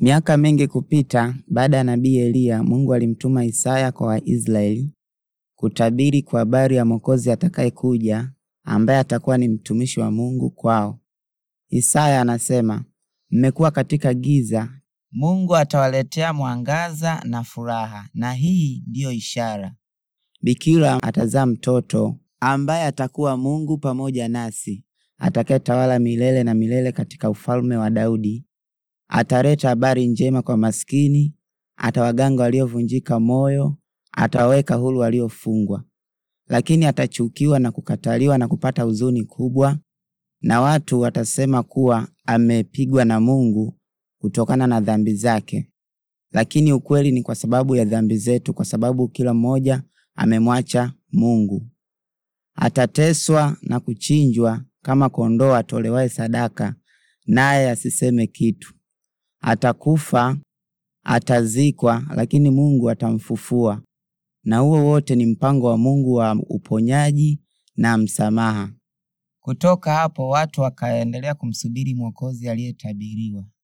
Miaka mingi kupita baada ya nabii Eliya, Mungu alimtuma Isaya kwa Waisraeli kutabiri kwa habari ya Mwokozi atakayekuja ambaye atakuwa ni mtumishi wa Mungu kwao. Isaya anasema, mmekuwa katika giza, Mungu atawaletea mwangaza na furaha, na hii ndiyo ishara, bikira atazaa mtoto ambaye atakuwa Mungu pamoja nasi, atakayetawala milele na milele katika ufalme wa Daudi ataleta habari njema kwa maskini, atawaganga waliovunjika moyo, atawaweka huru waliofungwa. Lakini atachukiwa na kukataliwa na kupata huzuni kubwa, na watu watasema kuwa amepigwa na Mungu kutokana na dhambi zake. Lakini ukweli ni kwa sababu ya dhambi zetu, kwa sababu kila mmoja amemwacha Mungu. Atateswa na kuchinjwa kama kondoo atolewaye sadaka, naye asiseme kitu atakufa, atazikwa, lakini Mungu atamfufua, na huo wote ni mpango wa Mungu wa uponyaji na msamaha. Kutoka hapo watu wakaendelea kumsubiri Mwokozi aliyetabiriwa.